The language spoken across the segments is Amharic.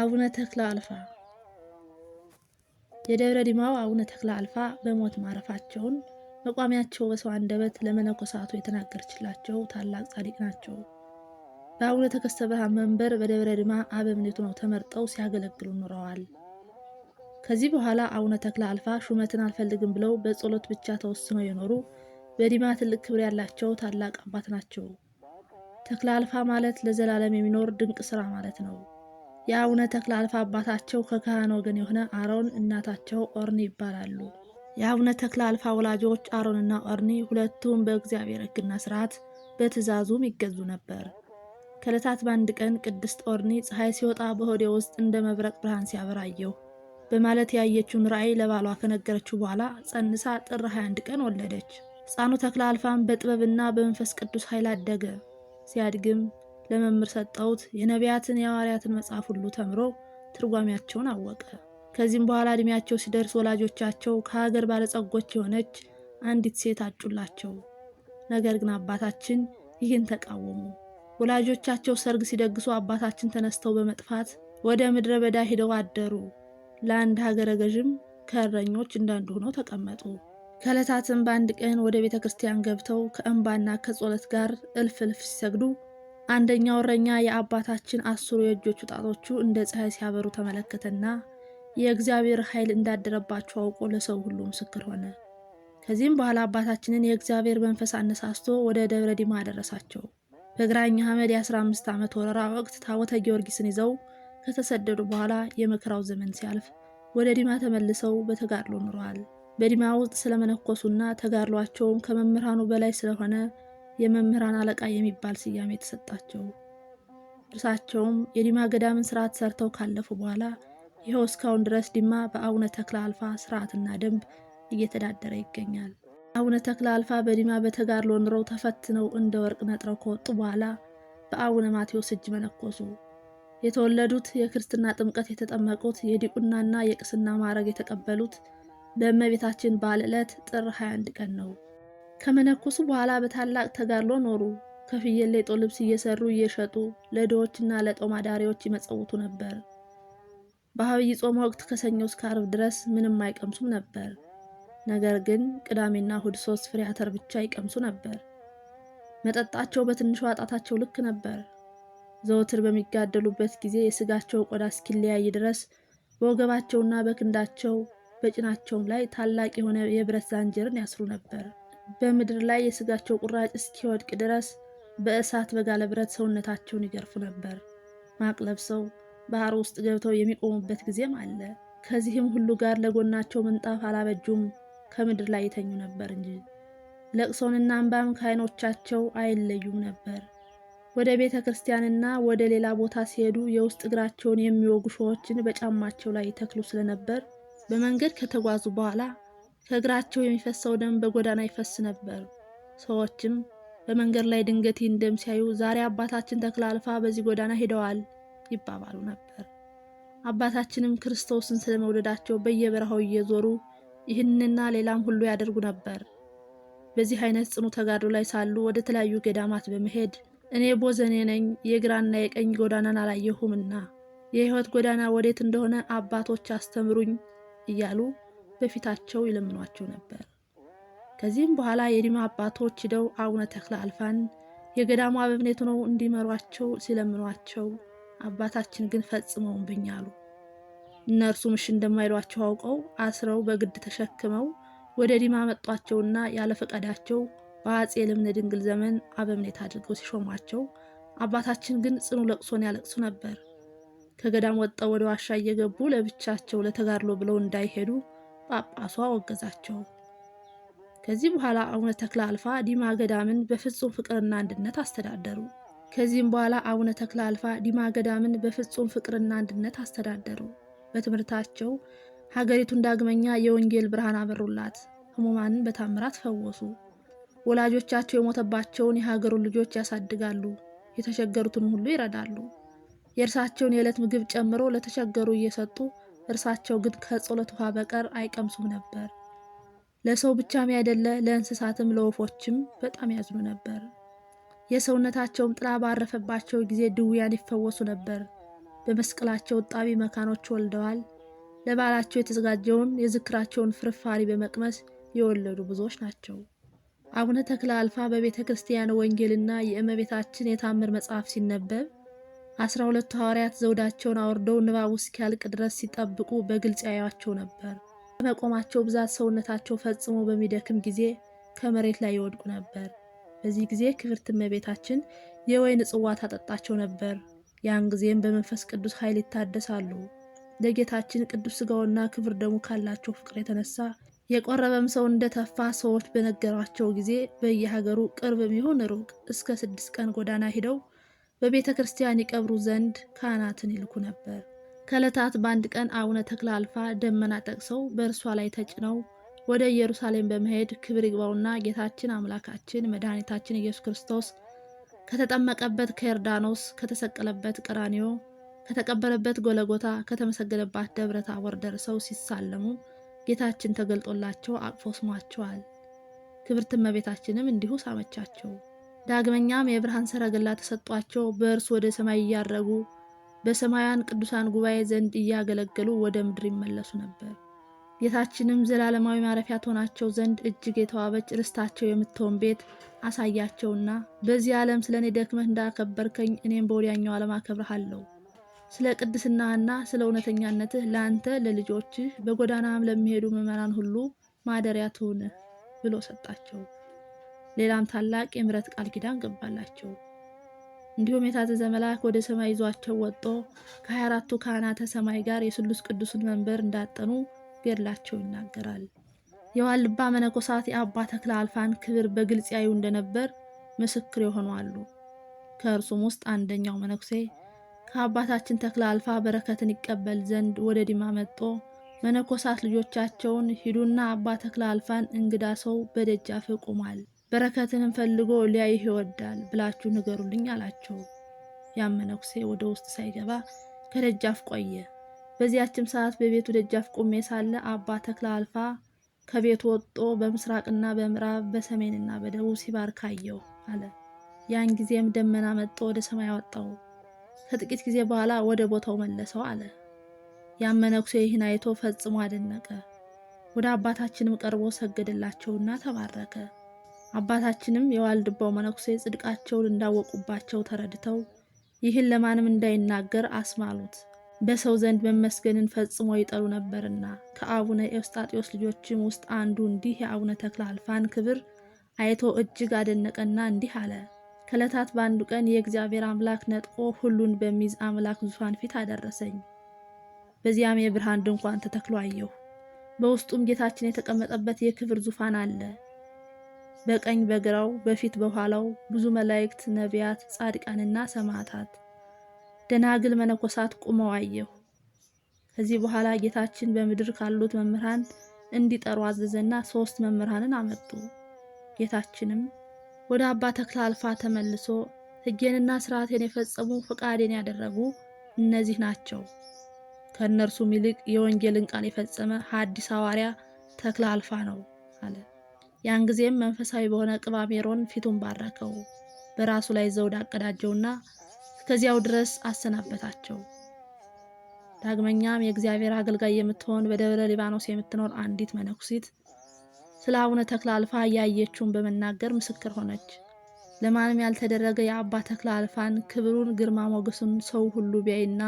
አቡነ ተክለ አልፋ የደብረ ዲማው አቡነ ተክለ አልፋ በሞት ማረፋቸውን መቋሚያቸው በሰው አንደበት ለመነኮሳቱ የተናገረችላቸው ታላቅ ጻድቅ ናቸው። በአቡነ ተከስተ ብርሃን መንበር በደብረ ዲማ አበምኔቱ ነው ተመርጠው ሲያገለግሉ ኑረዋል። ከዚህ በኋላ አቡነ ተክለ አልፋ ሹመትን አልፈልግም ብለው በጸሎት ብቻ ተወስነው የኖሩ በዲማ ትልቅ ክብር ያላቸው ታላቅ አባት ናቸው። ተክለ አልፋ ማለት ለዘላለም የሚኖር ድንቅ ስራ ማለት ነው። የአቡነ ተክለ አልፋ አባታቸው ከካህን ወገን የሆነ አሮን እናታቸው ኦርኒ ይባላሉ። የአቡነ ተክለ አልፋ ወላጆች አሮንና ኦርኒ ሁለቱም በእግዚአብሔር ሕግና ስርዓት በትእዛዙም ይገዙ ነበር። ከእለታት በአንድ ቀን ቅድስት ኦርኒ ፀሐይ ሲወጣ በሆዴ ውስጥ እንደ መብረቅ ብርሃን ሲያበራየው በማለት ያየችውን ራእይ ለባሏ ከነገረችው በኋላ ጸንሳ ጥር 21 ቀን ወለደች። ሕፃኑ ተክለ አልፋም በጥበብና በመንፈስ ቅዱስ ኃይል አደገ። ሲያድግም ለመምህር ሰጠሁት። የነቢያትን የሐዋርያትን መጽሐፍ ሁሉ ተምሮ ትርጓሜያቸውን አወቀ። ከዚህም በኋላ እድሜያቸው ሲደርስ ወላጆቻቸው ከሀገር ባለጸጎች የሆነች አንዲት ሴት አጩላቸው። ነገር ግን አባታችን ይህን ተቃወሙ። ወላጆቻቸው ሰርግ ሲደግሱ አባታችን ተነስተው በመጥፋት ወደ ምድረ በዳ ሄደው አደሩ። ለአንድ ሀገረ ገዥም ከእረኞች እንዳንዱ ሆነው ተቀመጡ። ከዕለታትም በአንድ ቀን ወደ ቤተ ክርስቲያን ገብተው ከእንባና ከጸሎት ጋር እልፍ እልፍ ሲሰግዱ አንደኛው እረኛ የአባታችን አስሩ የእጆቹ ጣቶቹ እንደ ፀሐይ ሲያበሩ ተመለከተና የእግዚአብሔር ኃይል እንዳደረባቸው አውቆ ለሰው ሁሉ ምስክር ሆነ። ከዚህም በኋላ አባታችንን የእግዚአብሔር መንፈስ አነሳስቶ ወደ ደብረ ዲማ አደረሳቸው። በግራኝ አህመድ የ15 ዓመት ወረራ ወቅት ታቦተ ጊዮርጊስን ይዘው ከተሰደዱ በኋላ የመከራው ዘመን ሲያልፍ ወደ ዲማ ተመልሰው በተጋድሎ ኑረዋል። በዲማ ውስጥ ስለመነኮሱና ተጋድሏቸውም ከመምህራኑ በላይ ስለሆነ የመምህራን አለቃ የሚባል ስያሜ የተሰጣቸው። እርሳቸውም የዲማ ገዳምን ስርዓት ሰርተው ካለፉ በኋላ ይኸው እስካሁን ድረስ ዲማ በአቡነ ተክለ አልፋ ስርዓትና ደንብ እየተዳደረ ይገኛል። አቡነ ተክለ አልፋ በዲማ በተጋድሎ ኑረው ተፈትነው እንደ ወርቅ ነጥረው ከወጡ በኋላ በአቡነ ማቴዎስ እጅ መነኮሱ። የተወለዱት የክርስትና ጥምቀት የተጠመቁት የዲቁናና የቅስና ማዕረግ የተቀበሉት በእመቤታችን በዓለ ዕለት ጥር 21 ቀን ነው። ከመነኮሱ በኋላ በታላቅ ተጋድሎ ኖሩ። ከፍየል ልብስ እየሰሩ እየሸጡ ለድሆችና ለጦም አዳሪዎች ይመጸውቱ ነበር። በአብይ ጾም ወቅት ከሰኞ እስከ ድረስ ምንም አይቀምሱም ነበር። ነገር ግን ቅዳሜና እሁድ ሶስት ፍሬ አተር ብቻ ይቀምሱ ነበር። መጠጣቸው በትንሹ አጣታቸው ልክ ነበር። ዘወትር በሚጋደሉበት ጊዜ የስጋቸው ቆዳ እስኪለያይ ድረስ በወገባቸውና በክንዳቸው በጭናቸውም ላይ ታላቅ የሆነ የብረት ዛንጀርን ያስሩ ነበር። በምድር ላይ የስጋቸው ቁራጭ እስኪወድቅ ድረስ በእሳት በጋለ ብረት ሰውነታቸውን ይገርፉ ነበር። ማቅ ለብሰው ባህር ውስጥ ገብተው የሚቆሙበት ጊዜም አለ። ከዚህም ሁሉ ጋር ለጎናቸው ምንጣፍ አላበጁም፣ ከምድር ላይ የተኙ ነበር እንጂ ለቅሶንና እንባም ከዓይኖቻቸው አይለዩም ነበር። ወደ ቤተ ክርስቲያንና ወደ ሌላ ቦታ ሲሄዱ የውስጥ እግራቸውን የሚወጉ ሾዎችን በጫማቸው ላይ ተክሉ ስለነበር በመንገድ ከተጓዙ በኋላ ከእግራቸው የሚፈሰው ደም በጎዳና ይፈስ ነበር። ሰዎችም በመንገድ ላይ ድንገት ይህን ደም ሲያዩ ዛሬ አባታችን ተክለ አልፋ በዚህ ጎዳና ሄደዋል ይባባሉ ነበር። አባታችንም ክርስቶስን ስለመውደዳቸው በየበረሃው እየዞሩ ይህንና ሌላም ሁሉ ያደርጉ ነበር። በዚህ አይነት ጽኑ ተጋድሎ ላይ ሳሉ ወደ ተለያዩ ገዳማት በመሄድ እኔ ቦዘኔ ነኝ የግራና የቀኝ ጎዳናን አላየሁምና የህይወት ጎዳና ወዴት እንደሆነ አባቶች አስተምሩኝ እያሉ በፊታቸው ይለምኗቸው ነበር። ከዚህም በኋላ የዲማ አባቶች ሂደው አቡነ ተክለ አልፋን የገዳሙ አበምኔት ሆነው እንዲመሯቸው ሲለምኗቸው አባታችን ግን ፈጽመውብኝ አሉ። እነርሱ ምሽ እንደማይሏቸው አውቀው አስረው በግድ ተሸክመው ወደ ዲማ መጧቸውና ያለ ፈቃዳቸው በአጼ ልብነ ድንግል ዘመን አበምኔት አድርገው ሲሾሟቸው አባታችን ግን ጽኑ ለቅሶን ያለቅሱ ነበር። ከገዳም ወጠው ወደ ዋሻ እየገቡ ለብቻቸው ለተጋድሎ ብለው እንዳይሄዱ ጳጳሱ አወገዛቸው። ከዚህ በኋላ አቡነ ተክለ አልፋ ዲማ ገዳምን በፍጹም ፍቅርና አንድነት አስተዳደሩ። ከዚህም በኋላ አቡነ ተክለ አልፋ ዲማ ገዳምን በፍጹም ፍቅርና አንድነት አስተዳደሩ። በትምህርታቸው ሀገሪቱን ዳግመኛ የወንጌል ብርሃን አበሩላት። ህሙማንን በታምራት ፈወሱ። ወላጆቻቸው የሞተባቸውን የሀገሩን ልጆች ያሳድጋሉ፣ የተቸገሩትን ሁሉ ይረዳሉ። የእርሳቸውን የዕለት ምግብ ጨምሮ ለተቸገሩ እየሰጡ እርሳቸው ግን ከጸሎት ውሃ በቀር አይቀምሱም ነበር። ለሰው ብቻም ያይደለ ለእንስሳትም ለወፎችም በጣም ያዝኑ ነበር። የሰውነታቸውም ጥላ ባረፈባቸው ጊዜ ድውያን ይፈወሱ ነበር። በመስቀላቸው እጣቢ መካኖች ወልደዋል። ለባላቸው የተዘጋጀውን የዝክራቸውን ፍርፋሪ በመቅመስ የወለዱ ብዙዎች ናቸው። አቡነ ተክለ አልፋ በቤተ ክርስቲያን ወንጌልና የእመቤታችን የታምር መጽሐፍ ሲነበብ አስራ ሁለቱ ሐዋርያት ዘውዳቸውን አውርደው ንባቡ እስኪያልቅ ድረስ ሲጠብቁ በግልጽ ያዩቸው ነበር። በመቆማቸው ብዛት ሰውነታቸው ፈጽሞ በሚደክም ጊዜ ከመሬት ላይ ይወድቁ ነበር። በዚህ ጊዜ ክብርት እመቤታችን የወይን ጽዋ ታጠጣቸው ነበር። ያን ጊዜም በመንፈስ ቅዱስ ኃይል ይታደሳሉ። ለጌታችን ቅዱስ ስጋውና ክብር ደሙ ካላቸው ፍቅር የተነሳ የቆረበም ሰው እንደተፋ ሰዎች በነገሯቸው ጊዜ በየሀገሩ ቅርብ የሚሆን ሩቅ እስከ ስድስት ቀን ጎዳና ሂደው በቤተ ክርስቲያን ይቀብሩ ዘንድ ካህናትን ይልኩ ነበር። ከዕለታት በአንድ ቀን አቡነ ተክለ አልፋ ደመና ጠቅሰው በእርሷ ላይ ተጭነው ወደ ኢየሩሳሌም በመሄድ ክብር ይግባውና ጌታችን አምላካችን መድኃኒታችን ኢየሱስ ክርስቶስ ከተጠመቀበት ከዮርዳኖስ ከተሰቀለበት ቀራንዮ ከተቀበረበት ጎለጎታ ከተመሰገነባት ደብረ ታቦር ደርሰው ሲሳለሙ ጌታችን ተገልጦላቸው አቅፎ ስሟቸዋል። ክብርት እመቤታችንም እንዲሁ ሳመቻቸው። ዳግመኛም የብርሃን ሰረገላ ተሰጧቸው። በእርሱ ወደ ሰማይ እያረጉ በሰማያን ቅዱሳን ጉባኤ ዘንድ እያገለገሉ ወደ ምድር ይመለሱ ነበር። ጌታችንም ዘላለማዊ ማረፊያ ትሆናቸው ዘንድ እጅግ የተዋበች ርስታቸው የምትሆን ቤት አሳያቸውና በዚህ ዓለም ስለ እኔ ደክመህ እንዳከበርከኝ እኔም በወዲያኛው ዓለም አከብርሃለሁ። ስለ ቅድስናህና ስለ እውነተኛነትህ ለአንተ ለልጆችህ፣ በጎዳናም ለሚሄዱ ምዕመናን ሁሉ ማደሪያ ትሁንህ ብሎ ሰጣቸው። ሌላም ታላቅ የምሕረት ቃል ኪዳን ገባላቸው። እንዲሁም የታዘዘ መልአክ ወደ ሰማይ ይዟቸው ወጦ ከሀያ አራቱ ካህናተ ሰማይ ጋር የስሉስ ቅዱስን መንበር እንዳጠኑ ገድላቸው ይናገራል። የዋልባ መነኮሳት የአባ ተክለ አልፋን ክብር በግልጽ ያዩ እንደነበር ምስክር የሆኑ አሉ። ከእርሱም ውስጥ አንደኛው መነኩሴ ከአባታችን ተክለ አልፋ በረከትን ይቀበል ዘንድ ወደ ዲማ መጦ መነኮሳት ልጆቻቸውን ሂዱና አባ ተክለ አልፋን እንግዳ ሰው በደጃፍ ቆሟል በረከትንም ፈልጎ ሊያይህ ይወዳል ብላችሁ ንገሩልኝ አላቸው። ያም መነኩሴ ወደ ውስጥ ሳይገባ ከደጃፍ ቆየ። በዚያችም ሰዓት በቤቱ ደጃፍ ቁሜ ሳለ አባ ተክለ አልፋ ከቤት ወጦ በምስራቅና በምዕራብ በሰሜንና በደቡብ ሲባርክ አየሁ አለ። ያን ጊዜም ደመና መጥቶ ወደ ሰማይ አወጣው፣ ከጥቂት ጊዜ በኋላ ወደ ቦታው መለሰው አለ። ያም መነኩሴ ይህን አይቶ ፈጽሞ አደነቀ። ወደ አባታችንም ቀርቦ ሰገደላቸውና ተባረከ። አባታችንም የዋልድባው መነኩሴ ጽድቃቸውን እንዳወቁባቸው ተረድተው ይህን ለማንም እንዳይናገር አስማሉት። በሰው ዘንድ መመስገንን ፈጽሞ ይጠሉ ነበርና ከአቡነ ኤውስጣጤዎስ ልጆችም ውስጥ አንዱ እንዲህ የአቡነ ተክለ አልፋን ክብር አይቶ እጅግ አደነቀና እንዲህ አለ። ከዕለታት በአንዱ ቀን የእግዚአብሔር አምላክ ነጥቆ ሁሉን በሚይዝ አምላክ ዙፋን ፊት አደረሰኝ። በዚያም የብርሃን ድንኳን ተተክሎ አየሁ። በውስጡም ጌታችን የተቀመጠበት የክብር ዙፋን አለ። በቀኝ በግራው በፊት በኋላው ብዙ መላእክት፣ ነቢያት፣ ጻድቃንና ሰማዕታት፣ ደናግል፣ መነኮሳት ቁመው አየሁ። ከዚህ በኋላ ጌታችን በምድር ካሉት መምህራን እንዲጠሩ አዘዘና ሶስት መምህራንን አመጡ። ጌታችንም ወደ አባ ተክለ አልፋ ተመልሶ ሕጌንና ስርዓቴን የፈጸሙ ፈቃዴን ያደረጉ እነዚህ ናቸው። ከእነርሱም ይልቅ የወንጌልን ቃል የፈጸመ ሐዲስ ሐዋርያ ተክለ አልፋ ነው አለ። ያን ጊዜም መንፈሳዊ በሆነ ቅባሜሮን ፊቱን ባረከው፣ በራሱ ላይ ዘውድ አቀዳጀውና እስከዚያው ድረስ አሰናበታቸው። ዳግመኛም የእግዚአብሔር አገልጋይ የምትሆን በደብረ ሊባኖስ የምትኖር አንዲት መነኩሲት ስለ አቡነ ተክለ አልፋ ያየችውን በመናገር ምስክር ሆነች። ለማንም ያልተደረገ የአባ ተክለ አልፋን ክብሩን፣ ግርማ ሞገሱን ሰው ሁሉ ቢያይና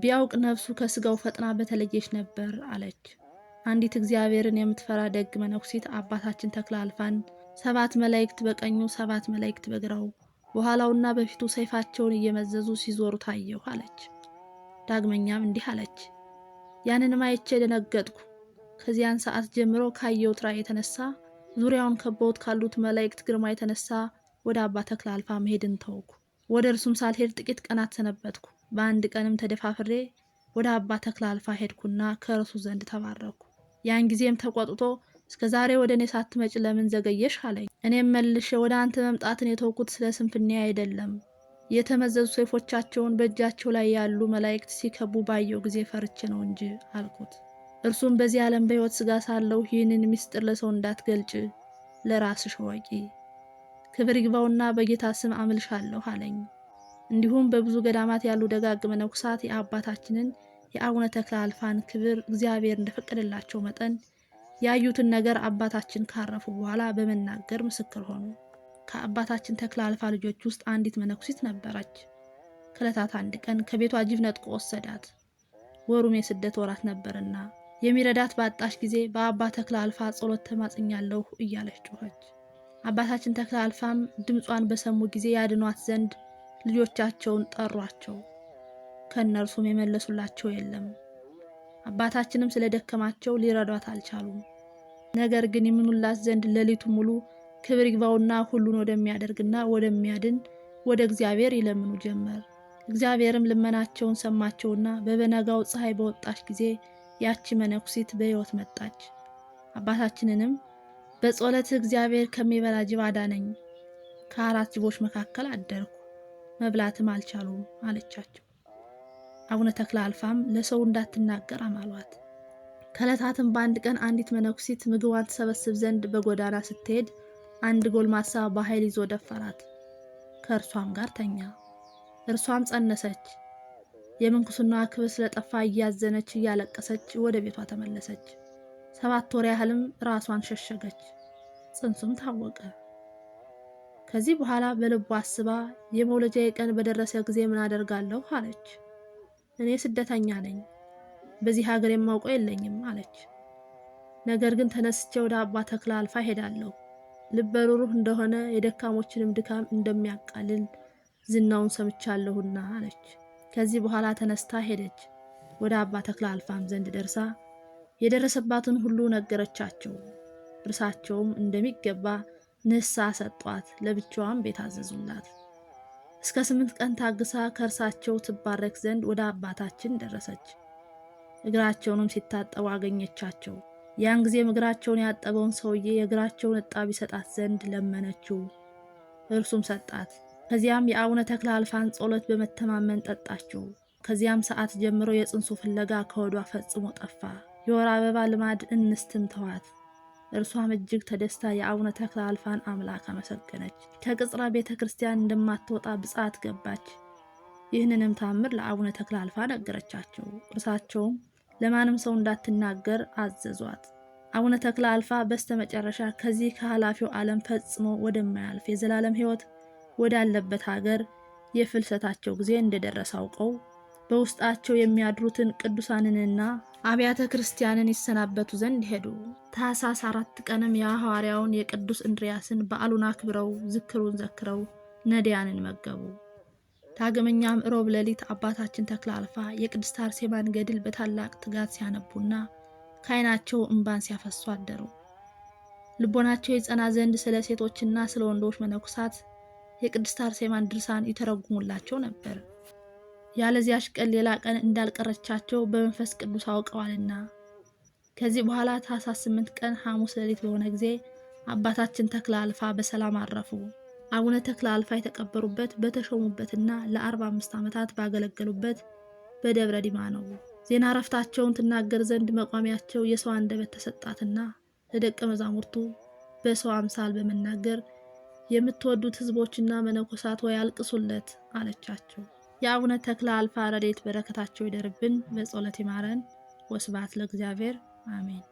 ቢያውቅ ነፍሱ ከስጋው ፈጥና በተለየች ነበር አለች። አንዲት እግዚአብሔርን የምትፈራ ደግ መነኩሲት አባታችን ተክለ አልፋን ሰባት መላእክት በቀኙ ሰባት መላእክት በግራው በኋላውና በፊቱ ሰይፋቸውን እየመዘዙ ሲዞሩ ታየሁ አለች። ዳግመኛም እንዲህ አለች፣ ያንን አይቼ ደነገጥኩ። ከዚያን ሰዓት ጀምሮ ካየሁት ራእይ የተነሳ ዙሪያውን ከበውት ካሉት መላእክት ግርማ የተነሳ ወደ አባ ተክለ አልፋ መሄድን ተውኩ። ወደ እርሱም ሳልሄድ ጥቂት ቀናት ሰነበትኩ። በአንድ ቀንም ተደፋፍሬ ወደ አባ ተክለ አልፋ ሄድኩና ከእርሱ ዘንድ ተባረኩ። ያን ጊዜም ተቆጥቶ እስከ ዛሬ ወደ እኔ ሳትመጭ ለምን ዘገየሽ አለኝ። እኔም መልሼ ወደ አንተ መምጣትን የተውኩት ስለ ስንፍኔ አይደለም፣ የተመዘዙ ሰይፎቻቸውን በእጃቸው ላይ ያሉ መላእክት ሲከቡ ባየው ጊዜ ፈርቼ ነው እንጂ አልኩት። እርሱም በዚህ ዓለም በሕይወት ስጋ ሳለው ይህንን ምስጢር ለሰው እንዳትገልጭ ለራስሽ ወቂ፣ ክብር ይግባውና በጌታ ስም አምልሻለሁ አለኝ። እንዲሁም በብዙ ገዳማት ያሉ ደጋግ መነኩሳት የአባታችንን የአቡነ ተክለ አልፋን ክብር እግዚአብሔር እንደፈቀደላቸው መጠን ያዩትን ነገር አባታችን ካረፉ በኋላ በመናገር ምስክር ሆኑ። ከአባታችን ተክለ አልፋ ልጆች ውስጥ አንዲት መነኩሲት ነበረች። ከዕለታት አንድ ቀን ከቤቷ ጅብ ነጥቆ ወሰዳት። ወሩም የስደት ወራት ነበርና የሚረዳት ባጣች ጊዜ በአባ ተክለ አልፋ ጸሎት ተማጽኛለሁ እያለች ጮኸች። አባታችን ተክለ አልፋም ድምጿን በሰሙ ጊዜ ያድኗት ዘንድ ልጆቻቸውን ጠሯቸው። ከእነርሱም የመለሱላቸው የለም። አባታችንም ስለደከማቸው ሊረዷት አልቻሉም። ነገር ግን ይምኑላት ዘንድ ሌሊቱ ሙሉ ክብር ይግባውና ሁሉን ወደሚያደርግና ወደሚያድን ወደ እግዚአብሔር ይለምኑ ጀመር። እግዚአብሔርም ልመናቸውን ሰማቸውና በበነጋው ፀሐይ በወጣች ጊዜ ያቺ መነኩሲት በሕይወት መጣች። አባታችንንም በጸሎትህ እግዚአብሔር ከሚበላ ጅብ አዳነኝ፣ ከአራት ጅቦች መካከል አደርኩ፣ መብላትም አልቻሉም አለቻቸው። አቡነ ተክለ አልፋም ለሰው እንዳትናገር አማሏት። ከዕለታትም በአንድ ቀን አንዲት መነኩሲት ምግቧን ትሰበስብ ዘንድ በጎዳና ስትሄድ አንድ ጎልማሳ በኃይል ይዞ ደፈራት፣ ከእርሷም ጋር ተኛ። እርሷም ጸነሰች። የምንኩስና ክብር ስለጠፋ እያዘነች እያለቀሰች ወደ ቤቷ ተመለሰች። ሰባት ወር ያህልም ራሷን ሸሸገች። ጽንሱም ታወቀ። ከዚህ በኋላ በልቧ አስባ የመውለጃ ቀን በደረሰ ጊዜ ምን አደርጋለሁ አለች። እኔ ስደተኛ ነኝ፣ በዚህ ሀገር የማውቀው የለኝም አለች። ነገር ግን ተነስቼ ወደ አባ ተክለ አልፋ ሄዳለሁ። ልበ ሩሩህ እንደሆነ የደካሞችንም ድካም እንደሚያቃልል ዝናውን ሰምቻለሁና አለች። ከዚህ በኋላ ተነስታ ሄደች። ወደ አባ ተክለ አልፋም ዘንድ ደርሳ የደረሰባትን ሁሉ ነገረቻቸው። እርሳቸውም እንደሚገባ ንስሐ ሰጧት። ለብቻዋም ቤት አዘዙላት። እስከ ስምንት ቀን ታግሳ ከእርሳቸው ትባረክ ዘንድ ወደ አባታችን ደረሰች። እግራቸውንም ሲታጠቡ አገኘቻቸው። ያን ጊዜም እግራቸውን ያጠበውን ሰውዬ የእግራቸውን እጣቢ ሰጣት ዘንድ ለመነችው፣ እርሱም ሰጣት። ከዚያም የአቡነ ተክለ አልፋን ጸሎት በመተማመን ጠጣችው። ከዚያም ሰዓት ጀምሮ የጽንሱ ፍለጋ ከወዷ ፈጽሞ ጠፋ። የወር አበባ ልማድ እንስትም ተዋት። እርሷም እጅግ ተደስታ የአቡነ ተክለ አልፋን አምላክ አመሰገነች። ከቅጽራ ቤተ ክርስቲያን እንደማትወጣ ብጻት ገባች። ይህንንም ታምር ለአቡነ ተክለ አልፋ ነገረቻቸው። እርሳቸውም ለማንም ሰው እንዳትናገር አዘዟት። አቡነ ተክለ አልፋ በስተ መጨረሻ ከዚህ ከኃላፊው ዓለም ፈጽሞ ወደማያልፍ የዘላለም ሕይወት ወዳለበት ሀገር የፍልሰታቸው ጊዜ እንደደረሰ አውቀው በውስጣቸው የሚያድሩትን ቅዱሳንንና አብያተ ክርስቲያንን ይሰናበቱ ዘንድ ሄዱ። ታኅሳስ አራት ቀንም የሐዋርያውን የቅዱስ እንድርያስን በዓሉን አክብረው ዝክሩን ዘክረው ነዳያንን መገቡ። ዳግመኛም ሮብ ሌሊት አባታችን ተክለ አልፋ የቅድስት አርሴማን ገድል በታላቅ ትጋት ሲያነቡና ከዓይናቸው እምባን ሲያፈሱ አደሩ። ልቦናቸው የጸና ዘንድ ስለ ሴቶችና ስለ ወንዶች መነኩሳት የቅድስት አርሴማን ድርሳን ይተረጉሙላቸው ነበር። ያለዚያች ቀን ሌላ ቀን እንዳልቀረቻቸው በመንፈስ ቅዱስ አውቀዋልና። ከዚህ በኋላ ታኅሳስ ስምንት ቀን ሐሙስ ሌሊት በሆነ ጊዜ አባታችን ተክለ አልፋ በሰላም አረፉ። አቡነ ተክለ አልፋ የተቀበሩበት በተሾሙበትና ለአርባ አምስት ዓመታት ባገለገሉበት በደብረ ዲማ ነው። ዜና እረፍታቸውን ትናገር ዘንድ መቋሚያቸው የሰው አንደበት ተሰጣትና ለደቀ መዛሙርቱ በሰው አምሳል በመናገር የምትወዱት ሕዝቦችና መነኮሳት ወይ አልቅሱለት አለቻቸው። የአቡነ ተክለ አልፋ ረድኤት በረከታቸው ይደርብን፣ በጸሎት ይማረን። ወስብሐት ለእግዚአብሔር አሜን።